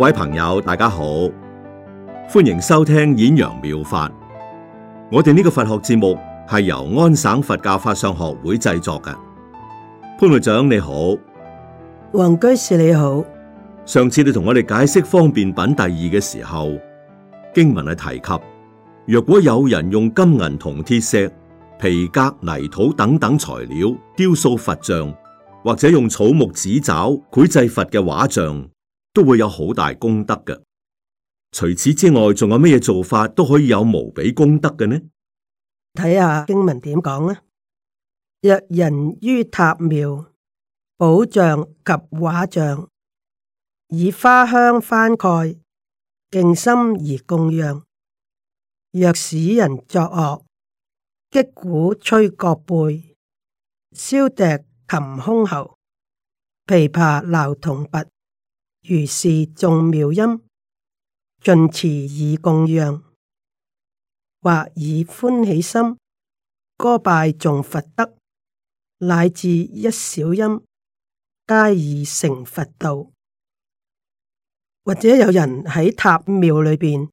各位朋友，大家好，歡迎收聽演揚妙，妙法。我哋呢個佛學節目係由安省佛教法相學會製作嘅。潘會長你好，黃居士你好。上次你同我哋解釋方便品第二嘅時候，經文係提及，若果有人用金銀銅鐵石、皮革、泥土等等材料雕塑佛像，或者用草木紙紮繪製佛嘅畫像。都會有好大功德嘅。除此之外，仲有咩嘢做法都可以有無比功德嘅呢？睇下經文點講啊！若人於塔廟寶像及畫像，以花香幡蓋，敬心而供養；若使人作樂，擊鼓吹角貝，簫笛琴箜篌，琵琶鐃銅鈸。如是眾妙音，盡持以供養，或以歡喜心歌唄頌佛德，乃至一小音，皆已成佛道。或者有人喺塔廟裏邊，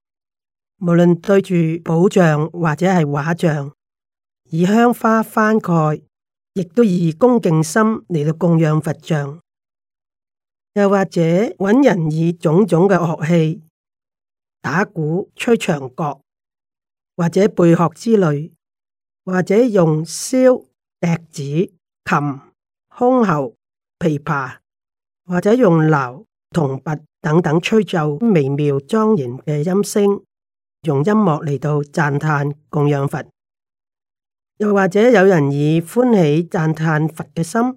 無論對住寶像或者係畫像，以香花幡蓋，亦都以恭敬心嚟到供養佛像。又或者揾人以種種嘅樂器打鼓、吹長角，或者貝殼之類，或者用簫、笛子、琴、箜篌、琵琶，或者用铙銅鈸等等吹奏微妙莊嚴嘅音聲，用音樂嚟到讚嘆供養佛。又或者有人以歡喜讚嘆佛嘅心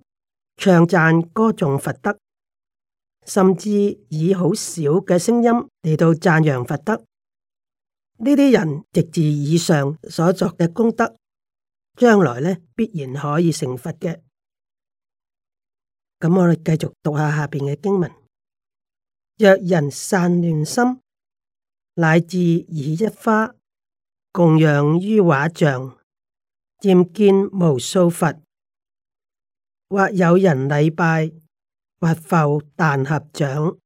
唱讚歌，頌佛德。甚至以好少嘅聲音嚟到讚揚佛德，呢啲人直至以上所作嘅功德，將來咧必然可以成佛嘅。咁我哋繼續讀下下邊嘅經文：若人散亂心，乃至以一花供養於畫像，漸見無數佛，或有人禮拜。或復但合掌，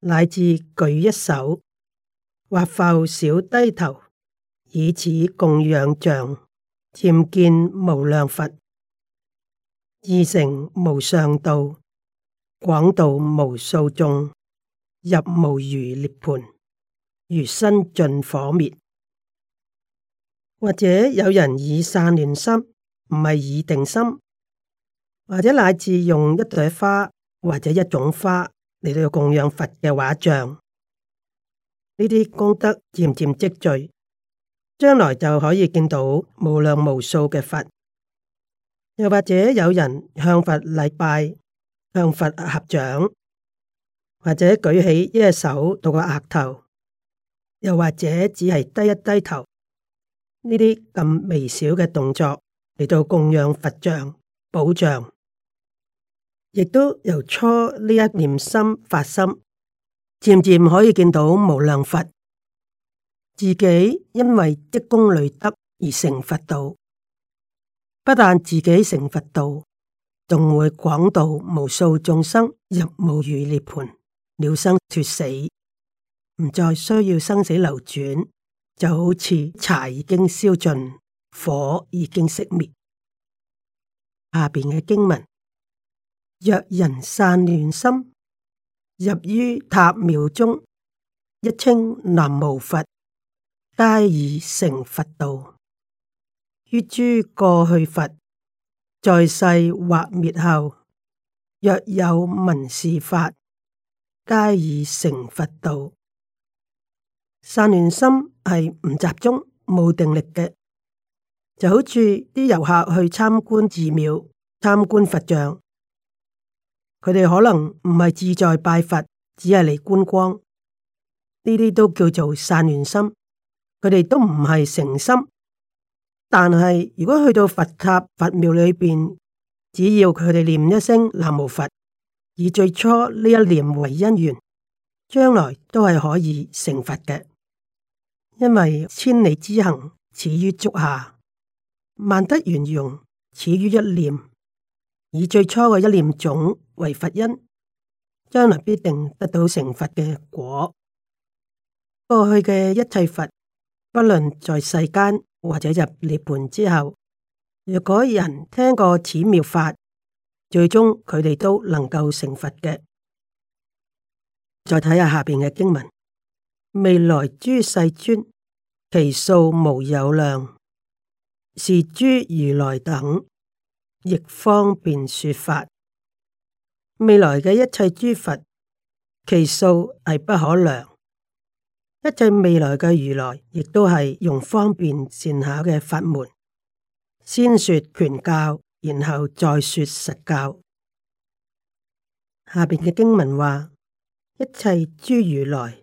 乃至舉一手，或復小低頭，以此供養像，漸見無量佛，而成無上道，廣度無數眾，入無餘涅盤，如薪盡火滅。或者有人以散亂心，唔係以定心，或者乃至用一朵花。或者一種花嚟到供養佛嘅畫像，呢啲功德漸漸積聚，將來就可以見到無量無數嘅佛。又或者有人向佛禮拜、向佛合掌，或者舉起一隻手到個額頭，又或者只係低一低頭，呢啲咁微小嘅動作嚟到供養佛像、寶像。亦都由初呢一念心發心，漸漸可以見到無量佛。自己因為積功累德而成佛道，不但自己成佛道，仲會廣度無數眾生入無餘涅盤，了生脫死，唔再需要生死流轉。就好似柴已經燒盡，火已經熄滅。下面嘅經文。若人散亂心入於塔廟中，一稱南無佛，皆已成佛道。於諸過去佛在世或滅後，若有聞是法，皆已成佛道。散亂心係唔集中、冇定力嘅，就好似啲遊客去參觀寺廟、參觀佛像。佢哋可能唔係志在拜佛，只係嚟觀光，呢啲都叫做散亂心。佢哋都唔係誠心，但係如果去到佛塔、佛廟裏邊，只要佢哋念一聲南無佛，以最初呢一念為因緣，將來都係可以成佛嘅。因為千里之行始於足下，萬德圓融始於一念，以最初嘅一念種。為佛因，將來必定得到成佛嘅果。過去嘅一切佛，不論在世間或者入涅槃之後，若果人聽過此妙法，最終佢哋都能夠成佛嘅。再睇下下邊嘅經文：未來諸世尊，其數無有量，是諸如來等，亦方便說法。未來嘅一切諸佛，其數係不可量；一切未來嘅如來，亦都係用方便善巧嘅法門，先說權教，然後再說實教。下邊嘅經文話：一切諸如來，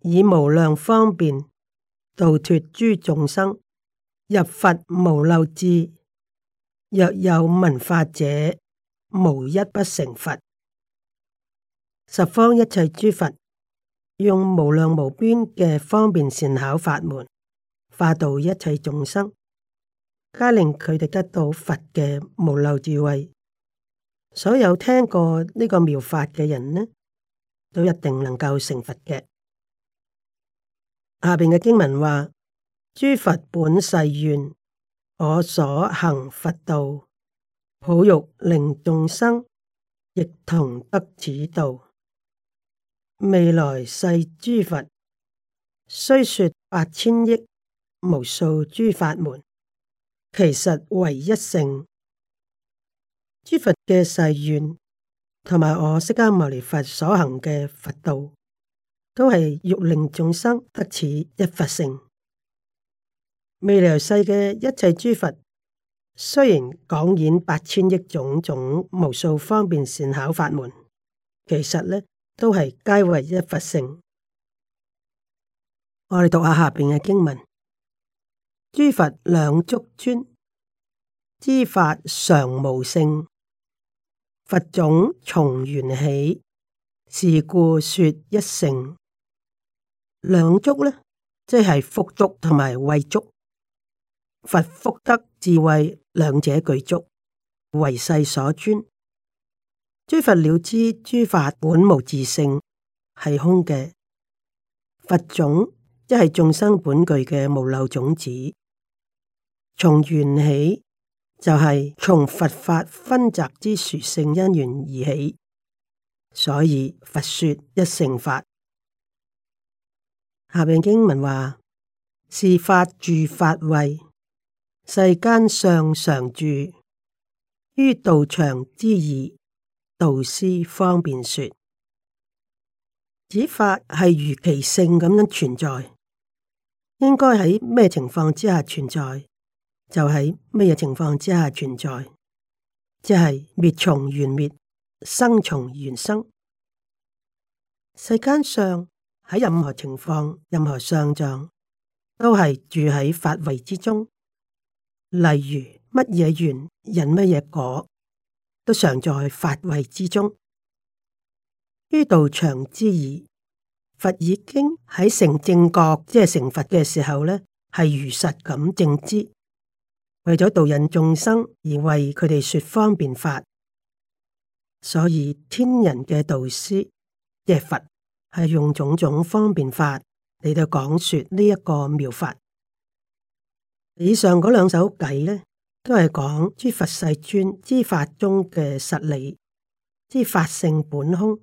以無量方便度脱諸眾生，入佛無漏智。若有聞法者，無一不成佛。十方一切諸佛用無量無邊嘅方便善巧法門，化度一切眾生，加令佢哋得到佛嘅無漏智慧。所有聽過呢個妙法嘅人呢，都一定能夠成佛嘅。下邊嘅經文話：諸佛本誓願，我所行佛道，普欲令眾生，亦同得此道。未來世諸佛雖說八千億無數諸法門，其實為一性。諸佛嘅誓願同埋我釋迦牟尼佛所行嘅佛道，都係欲令眾生得此一佛性。未來世嘅一切諸佛，雖然講演八千億種種無數方便善巧法門，其實呢。都係皆為一佛性，我哋讀下下邊嘅經文：諸佛兩足尊，知法常無性，佛種從緣起，是故說一乘。兩足呢，即係福足同埋慧足，佛福德智慧兩者具足，為世所尊。諸佛了知，諸法本無自性，係空嘅。佛種即係眾生本具嘅無漏種子，從緣起就係、是、從佛法分集之殊勝因緣而起，所以佛說一乘法。下面經文話：是法住法位，世間上常住於道場之義。導師方便說，指法係如其性咁樣存在，應該喺咩情況之下存在，就喺咩情況之下存在，即係滅從緣滅，生從緣生。世間上喺任何情況、任何相狀，都係住喺法位之中。例如乜嘢緣引乜嘢果。都常在法位之中，於道場之義，佛已經喺成正覺，即、就、係、是、成佛嘅時候咧，係如實咁正知。為咗導引眾生而為佢哋説方便法。所以天人嘅導師即係佛，係用種種方便法嚟到講説呢一個妙法。以上嗰兩首偈咧。都係講諸佛世尊之法中嘅實理，之法性本空，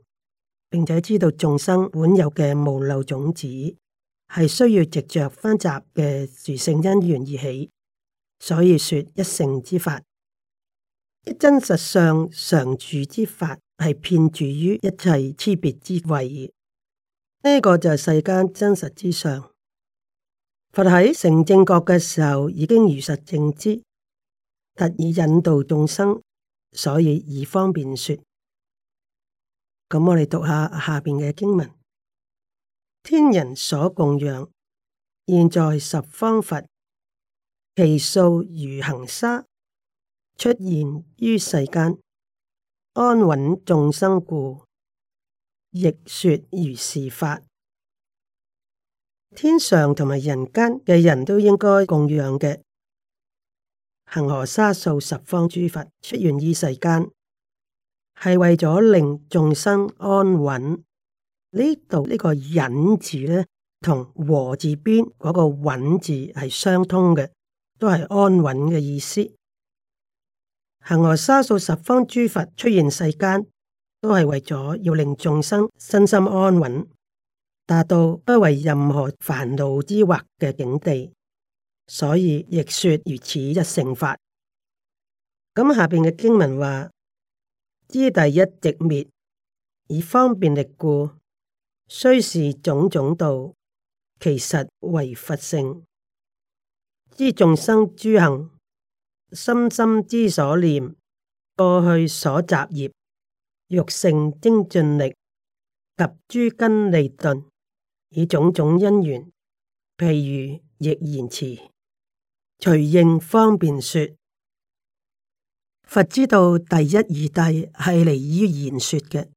並且知道眾生本有嘅無漏種子係需要藉着分集嘅住性因緣而起。所以說一乘之法，一真實上常住之法，係遍住於一切差別之位。呢、這個就係世間真實之相。佛喺成正覺嘅時候，已經如實正知。特意引導眾生，所以以方便說。咁我哋讀下下邊嘅經文：天人所供養，現在十方佛，其數如恒沙，出現於世間，安穩眾生故，亦說如是法。天上同埋人間嘅人都應該供養嘅。恆河沙數十方諸佛出現於世間，係為咗令眾生安穩。呢度呢個忍字呢，同和字邊嗰個穩字係相通嘅，都係安穩嘅意思。恆河沙數十方諸佛出現世間，都係為咗要令眾生身心安穩，達到不為任何煩惱之惑嘅境地。所以亦說如此一乘法。咁下邊嘅經文話：知第一直滅，以方便力故，雖是種種道，其實為佛性。知眾生諸行，心心之所念，過去所習業，欲性精進力，及諸根利鈍，以種種因緣，譬喻亦言辭，隨應方便說，佛知道第一二諦係嚟於言說嘅。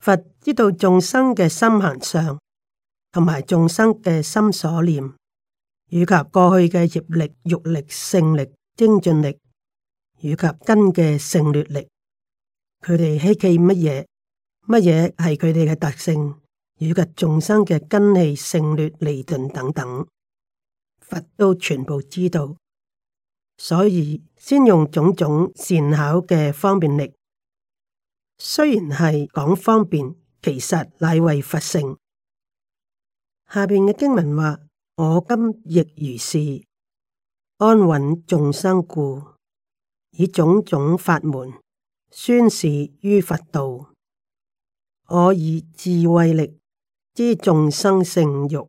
佛知道眾生嘅心行相，同埋眾生嘅心所念，以及過去嘅業力、欲力、性力、精進力，以及根嘅勝劣力。佢哋希冀乜嘢？乜嘢係佢哋嘅特性？以及眾生嘅根器勝劣利鈍等等。佛都全部知道，所以先用種種善巧嘅方便力，雖然係講方便，其實乃為佛性。下邊嘅經文話：我今亦如是，安穩眾生故，以種種法門宣示於佛道。我以智慧力知眾生性欲。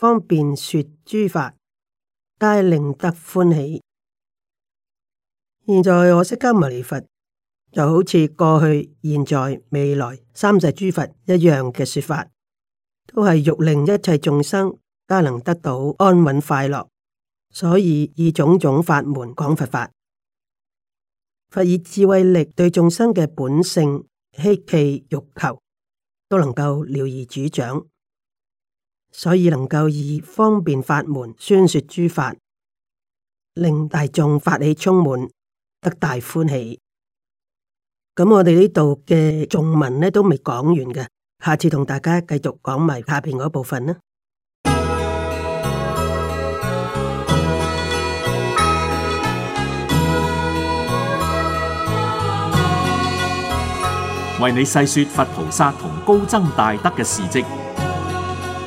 方便說諸法，皆令得歡喜。現在我釋迦牟尼佛，就好似過去、現在、未來三世諸佛一樣嘅說法，都係欲令一切眾生皆能得到安穩快樂，所以以種種法門講佛法，佛以智慧力對眾生嘅本性希冀欲求都能夠了如指掌。所以能夠以方便法門宣說諸法，令大眾法喜充滿，得大歡喜。咁我哋呢度嘅頌文呢都未講完嘅，下次同大家繼續講埋下邊嗰部分啦。為你細說佛菩薩同高僧大德嘅事蹟。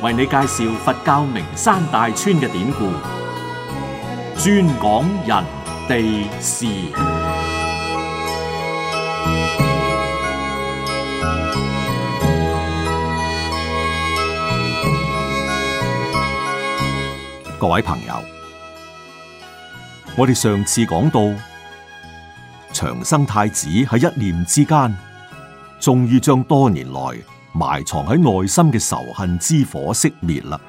為你介紹佛教名山大川嘅典故，專講人地事。各位朋友，我哋上次講到長生太子喺一念之間，終於將多年來，埋藏喺內心嘅仇恨之火熄滅啦。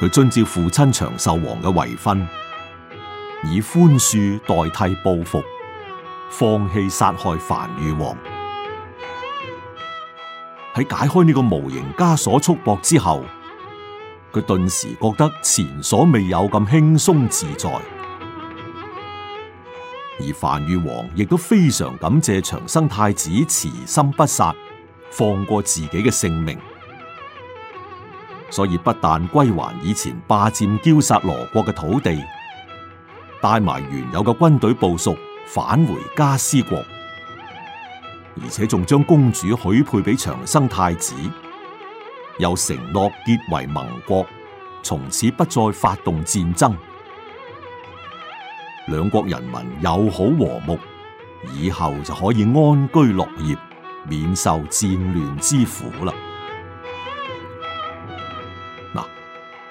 佢遵照父親長壽王嘅遺訓，以寬恕代替報復，放棄殺害梵豫王。喺解開呢個無形枷鎖束縛之後，佢頓時覺得前所未有咁輕鬆自在。而梵豫王亦都非常感謝長生太子慈心不殺，放過自己嘅性命，所以不但歸還以前霸佔憍薩羅國嘅土地，帶埋原有嘅軍隊部屬返回迦尸國，而且仲將公主許配俾長生太子，又承諾結為盟國，從此不再發動戰爭。兩國人民友好和睦，以後就可以安居樂業，免受戰亂之苦啦。嗱，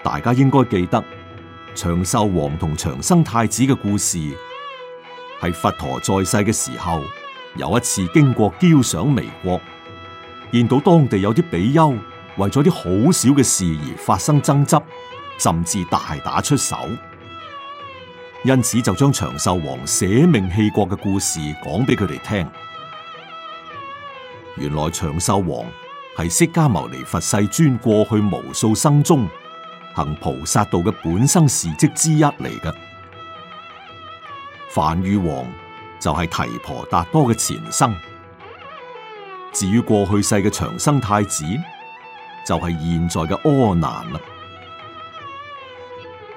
大家應該記得長壽王同長生太子嘅故事，喺佛陀在世嘅時候，有一次經過憍賞彌國，見到當地有啲比丘為咗啲好少嘅事而發生爭執，甚至大打出手。因此就將長壽王捨命棄國嘅故事講俾佢哋聽。原來長壽王係釋迦牟尼佛世尊過去無數生中行菩薩道嘅本生事跡之一嚟嘅。梵豫王就係提婆達多嘅前生。至於過去世嘅長生太子，就係、是、現在嘅阿難啦。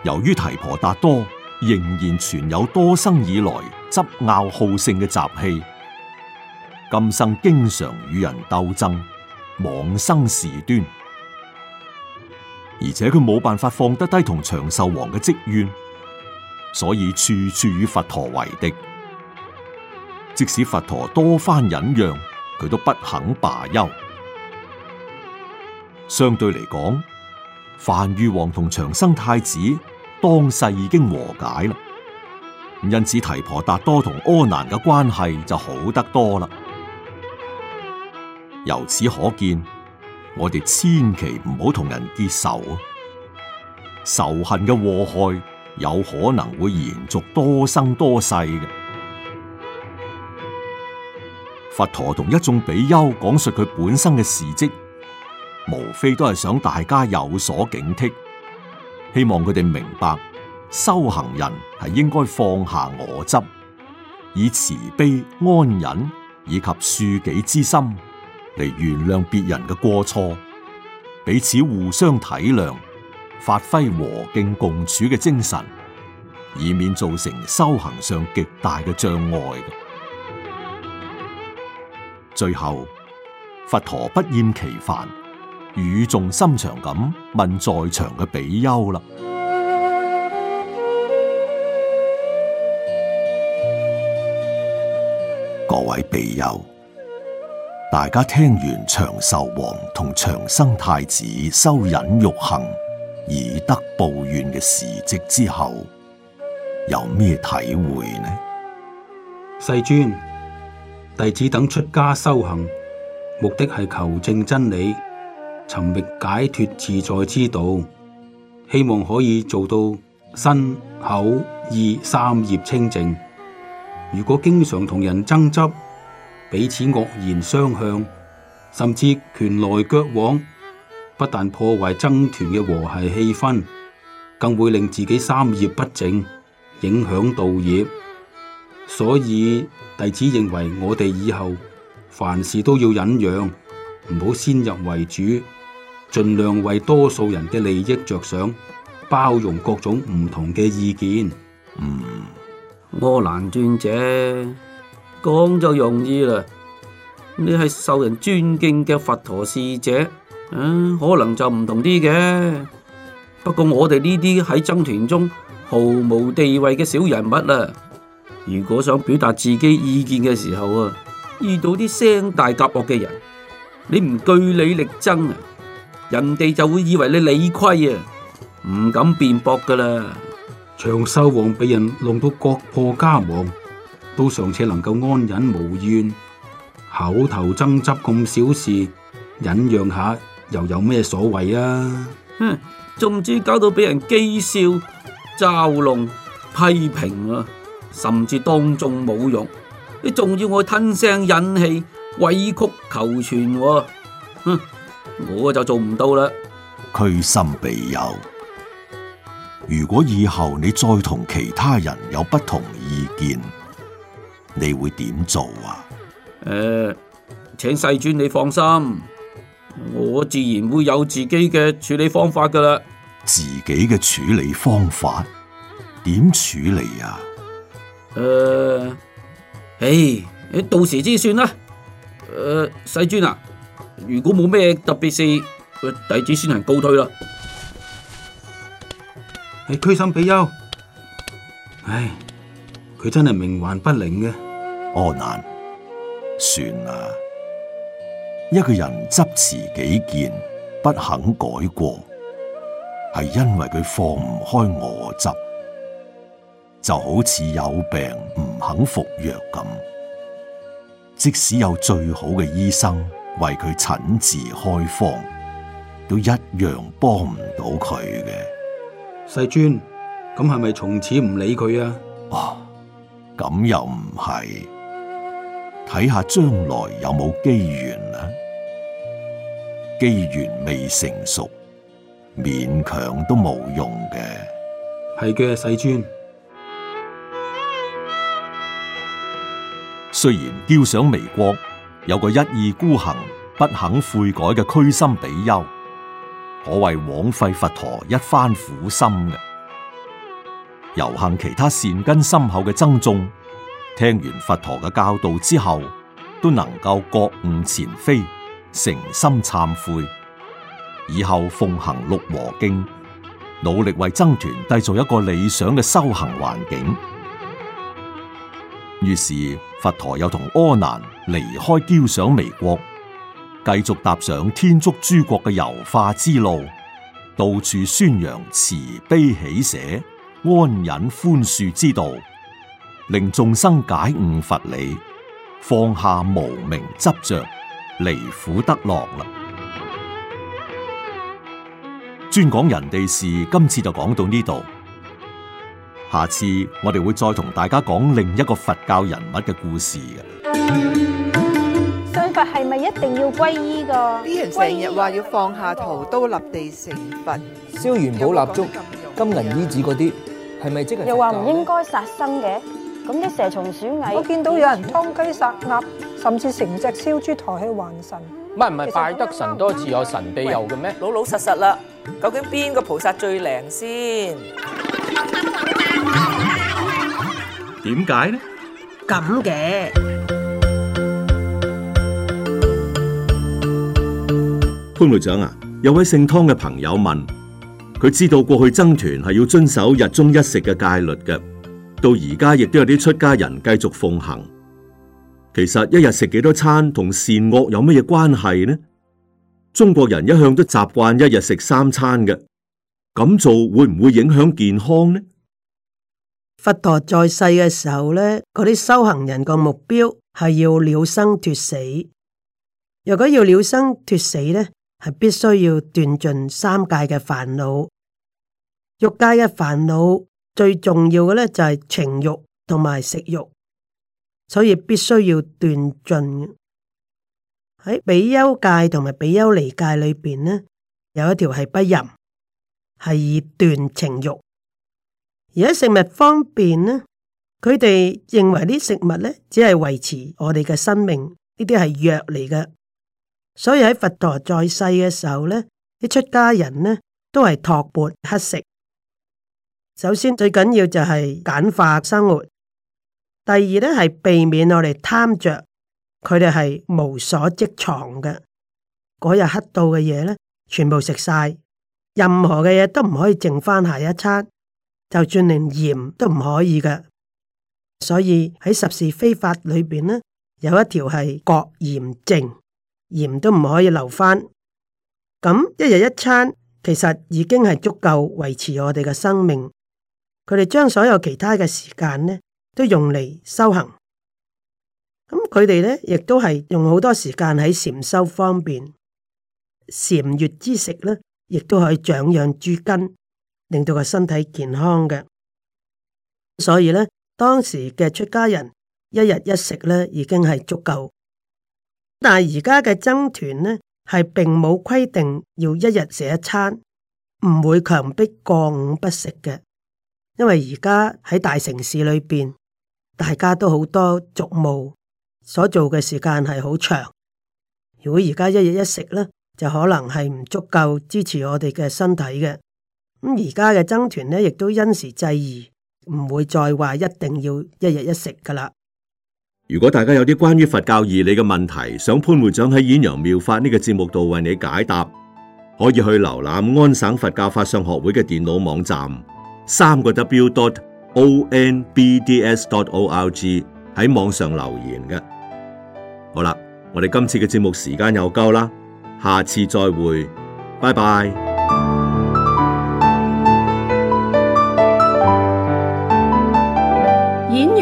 由於提婆達多。仍然存有多生以來執拗好勝嘅習氣，今生經常與人鬥爭，妄生事端，而且佢冇辦法放得低同長壽王嘅積怨，所以處處與佛陀為敵。即使佛陀多番忍讓，佢都不肯罷休。相對嚟講，梵豫王同長生太子，當世已經和解啦，因此提婆達多同阿難嘅關係就好得多啦。由此可見，我哋千祈唔好同人結仇啊，仇恨嘅禍害有可能會延續多生多世嘅。佛陀同一眾比丘講述佢本身嘅事跡，無非都係想大家有所警惕。希望佢哋明白，修行人係應該放下我執，以慈悲、安忍以及恕己之心嚟原諒別人嘅過錯，彼此互相體諒，發揮和敬共處嘅精神，以免造成修行上極大嘅障礙。最後，佛陀不厭其煩。語重心長咁問在場嘅比丘啦， 各位比丘，大家聽完長壽王同長生太子修忍辱行以德報怨嘅事跡之後，有咩體會呢？世尊，弟子等出家修行，目的係求證真理。尋覓解脱自在之道，希望可以做到身口意三業清淨。如果經常同人爭執，彼此惡言相向，甚至拳來腳往，不但破壞僧團嘅和諧氣氛，更會令自己三業不淨，影響道業。所以弟子認為，我哋以後凡事都要忍讓，唔好先入為主。盡量為多數人嘅利益着想，包容各種唔同嘅意見。嗯，柯蘭尊者講就容易啦。你係受人尊敬嘅佛陀使者，啊、嗯，可能就唔同啲嘅。不過我哋呢啲喺僧團中毫無地位嘅小人物啊，如果想表達自己意見嘅時候啊，遇到啲聲大夾惡嘅人，你唔據理力爭啊！人哋就會以為你理虧啊，唔敢辯駁噶啦。長壽王俾人弄到國破家亡，都尚且能夠安忍無怨，口頭爭執咁小事，忍讓下又有咩所謂啊？哼、嗯，仲要搞到俾人譏笑、嘲弄、批評啊，甚至當眾侮辱，你仲要我吞聲忍氣、委曲求全？哼、嗯！我就做唔到啦。屈心備友，如果以後你再同其他人有不同意見，你會點做啊？誒、呃，請世尊你放心，我自然會有自己嘅處理方法㗎喇。自己嘅處理方法點處理啊？誒、呃，誒，到時之算啦。誒、呃，世尊啊！如果冇咩特別事，佢弟子先行告退啦。你屈、哎、心比丘。唉，佢真係冥頑不靈嘅。阿難、啊，算啦，一個人執持己見，不肯改過，係因為佢放唔開我執，就好似有病唔肯服藥咁，即使有最好嘅醫生。為佢診治開方，都一樣幫唔到佢嘅。世尊，咁係咪從此唔理佢啊？哦，咁又唔係，睇下將來有冇機緣啦。機緣未成熟，勉強都冇用嘅。係嘅，世尊。雖然調上微光。有個一意孤行、不肯悔改嘅居心比丘，可謂枉費佛陀一番苦心嘅。有幸其他善根深厚嘅僧眾，聽完佛陀嘅教導之後，都能夠覺悟前非，誠心懺悔，以後奉行六和經，努力為僧團締造一個理想嘅修行環境。於是。佛陀又同阿難離開憍賞彌國，繼續踏上天竺諸國嘅遊化之路，到處宣揚慈悲喜捨、安忍寬恕之道，令眾生解悟佛理，放下無明執着，離苦得樂啦。專講 人哋事，今次就講到呢度。下次我哋會再同大家講另一個佛教人物嘅故事嘅。信佛係咪一定要皈依噶？啲人成日話要放下屠刀立地成佛，燒元寶蠟燭、金銀衣紙嗰啲，係咪即係？又話唔應該殺生嘅，咁啲蛇蟲鼠蟻，我見到有人殺雞殺鴨，甚至成隻燒豬抬去還神。唔係唔係，拜得神多自有神庇佑嘅咩？老老實實啦，究竟邊個菩薩最靈先？點解呢？咁嘅，潘隊長啊，有位姓湯嘅朋友問，佢知道過去僧團係要遵守日中一食嘅戒律嘅，到而家亦都有啲出家人繼續奉行。其實一日食幾多餐同善惡有乜嘢關係呢？中國人一向都習慣一日食三餐嘅，咁做會唔會影響健康呢？佛陀在世嘅時候呢，嗰啲修行人個目標係要了生脱死。如果要了生脱死呢，係必須要斷盡三界嘅煩惱。欲界嘅煩惱最重要嘅呢，就係情欲同埋食欲，所以必須要斷盡。喺比丘戒同埋比丘尼戒裏邊呢，有一條係不淫，係以斷情欲。而喺食物方面咧，佢哋認為啲食物咧，只係維持我哋嘅生命，呢啲係藥嚟嘅。所以喺佛陀在世嘅時候咧，啲出家人咧都係托鉢乞食。首先最緊要就係簡化生活，第二咧係避免我哋貪着，佢哋係無所積藏嘅。嗰日乞到嘅嘢咧，全部食晒，任何嘅嘢都唔可以剩翻下一餐。就算連鹽都唔可以嘅，所以喺十事非法裏邊呢，有一條係角鹽淨，鹽都唔可以留翻。咁一日一餐，其實已經係足夠維持我哋嘅生命。佢哋將所有其他嘅時間呢，都用嚟修行。咁佢哋呢，亦都係用好多時間喺禪修方面，禪悅之食呢，亦都可以長養諸根。令到個身體健康嘅，所以呢，當時嘅出家人一日一食呢，已經係足夠。但係而家嘅僧團呢，係並冇規定要一日食一餐，唔會強迫過午不食嘅。因為而家喺大城市裏邊，大家都好多俗務，所做嘅時間係好長。如果而家一日一食呢，就可能係唔足夠支持我哋嘅身體嘅。咁而家嘅僧團咧，亦都因時制宜，唔會再話一定要一日一食噶啦。如果大家有啲關於佛教義理嘅問題，想潘會長喺《演揚妙法》呢個節目度為你解答，可以去瀏覽安省佛教法相學會嘅電腦網站，三個 W dot O N B D S dot O L G 喺網上留言嘅。好啦，我哋今次嘅節目時間又夠啦，下次再會，拜拜。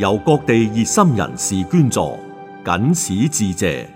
由各地熱心人士捐助，謹此致謝。